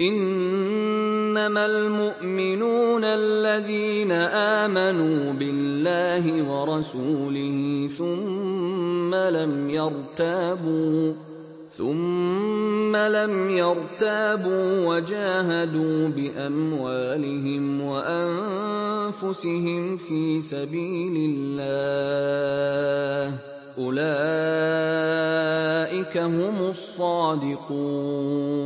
انما المؤمنون الذين امنوا بالله ورسوله ثم لم يرتابوا ثم لم يرتابوا وجاهدوا باموالهم وانفسهم في سبيل الله اولئك هم الصادقون